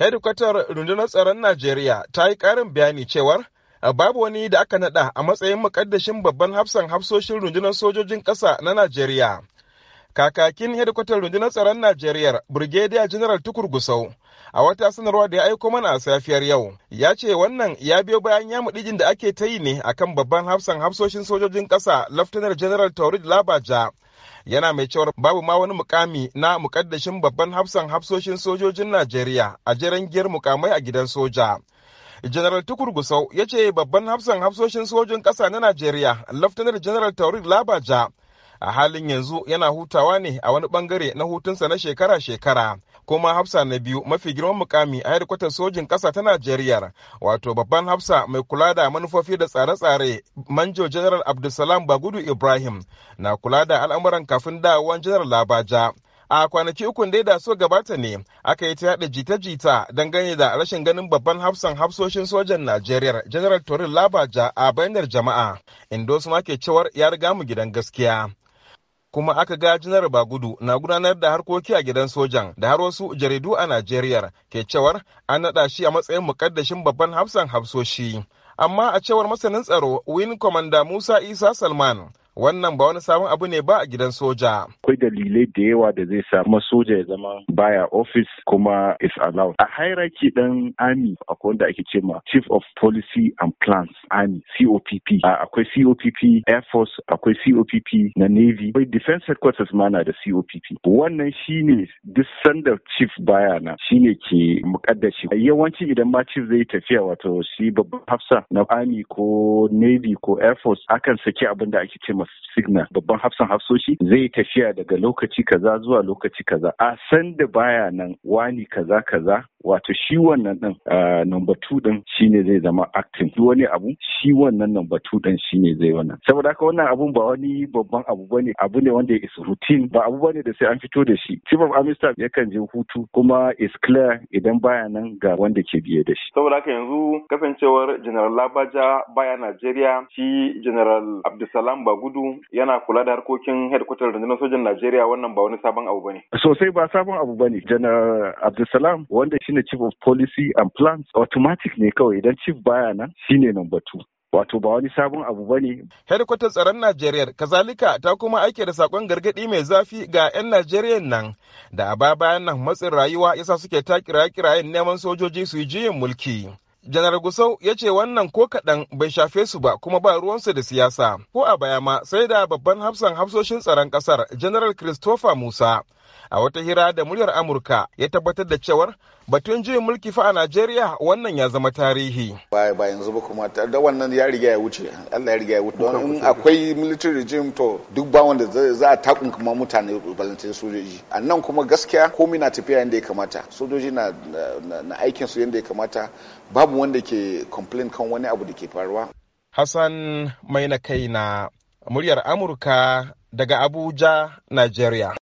hedikwatar rundunar tsaron najeriya ta yi karin bayani cewar babu wani da aka nada a matsayin mukaddashin babban hafsan hafsoshin rundunar sojojin ƙasa na najeriya kakakin hedikwatar rundunar tsaron najeriya brigadier general tukur gusau a wata sanarwa da ya aiko mana a safiyar yau ya ce wannan ya biyo bayan ya da ake ta yi ne akan babban hafsan hafsoshin sojojin ƙasa laftanar general taurid labaja yana mai cewar babu ma wani mukami na mukaddashin babban hafsan hafsoshin sojojin najeriya a jiran giyar mukamai a gidan soja general tukur gusau ya ce babban hafsan hafsoshin Sojojin ƙasa na najeriya laftanar general taurid labaja a halin yanzu yana hutawa ne a wani bangare na hutunsa na shekara-shekara kuma hafsa na biyu mafi girman mukami a hedikwatar sojin ƙasa ta najeriya wato babban hafsa mai kula da manufofi da tsare-tsare manjo general abdulsalam bagudu ibrahim na kula da al'amuran kafin dawowan general labaja a kwanaki ukun dai da so gabata ne aka yi ta yada jita-jita dangane da rashin ganin babban hafsan hafsoshin sojan najeriya general torin labaja a bayanar jama'a inda wasu ma ke cewar ya riga mu gidan gaskiya kuma aka ga janar bagudu na gudanar da harkoki a gidan sojan da har wasu jaridu a najeriya ke cewar an naɗa shi a matsayin mukaddashin babban hafsan hafsoshi amma a cewar masanin tsaro win komanda musa isa salman wannan ba wani sabon abu ne ba a gidan soja. Akwai dalilai da yawa da zai samu soja ya zama baya ofis kuma is allowed. A hierarchy ɗan army akwai wanda ake ce ma chief of policy and plans army COPP. Akwai COPP air force akwai COPP na navy. Akwai defense headquarters ma na da COPP. Wannan shine duk sanda chief baya na shine ke mukaddashi. Yawanci idan ma chief zai tafiya wato shi babban hafsa na army ko navy ko air force akan saki abin da ake ce ma signal babban hafsan hafsoshi zai tafiya daga lokaci kaza zuwa lokaci kaza a san da baya nan wani kaza kaza wato shi wannan nan ah, number two din shine zai zama acting duk wani abu shi wannan number two din shine zai wannan saboda haka wannan abun ba wani babban abu bane abu ne wanda is routine ba abu bane da sai an fito da shi chief of army staff yakan je hutu kuma is clear idan baya nan ga wanda ke biye da shi saboda haka yanzu kasancewar general labaja baya najeriya shi general abdulsalam bagudu yana kula da harkokin headquarter rundunar sojan najeriya wannan ba wani sabon abu bane sosai ba sabon abu bane general abdulsalam wanda shine chief of policy and plans automatic ne kawai idan chief baya nan shine number two wato ba wani sabon abu ba ne. Hedikwatar tsaron Najeriya kazalika ta kuma aike da sakon gargaɗi mai zafi ga 'yan Najeriya nan da a bayan nan matsin rayuwa yasa suke ta kira kirayen neman sojoji su yi juyin mulki. Janar Gusau ya ce wannan ko kaɗan bai shafe su ba kuma ba ruwansu da siyasa. Ko a baya ma sai da babban hafsan hafsoshin tsaron ƙasar General Christopher Musa a wata hira da muryar Amurka ya tabbatar da cewar batun juyin mulki fa a Najeriya wannan ya zama tarihi. Ba ba yanzu ba kuma da wannan ya riga ya wuce. Allah ya riga ya wuce. Don akwai military regime to duk ba wanda za a takun kuma mutane balantin sojoji. A nan kuma gaskiya komai na tafiya yadda ya kamata. Sojoji na na aikin su yadda ya kamata. Babu wanda ke complain kan wani abu da ke faruwa. Hassan Maina na kai na muryar Amurka daga Abuja, Najeriya.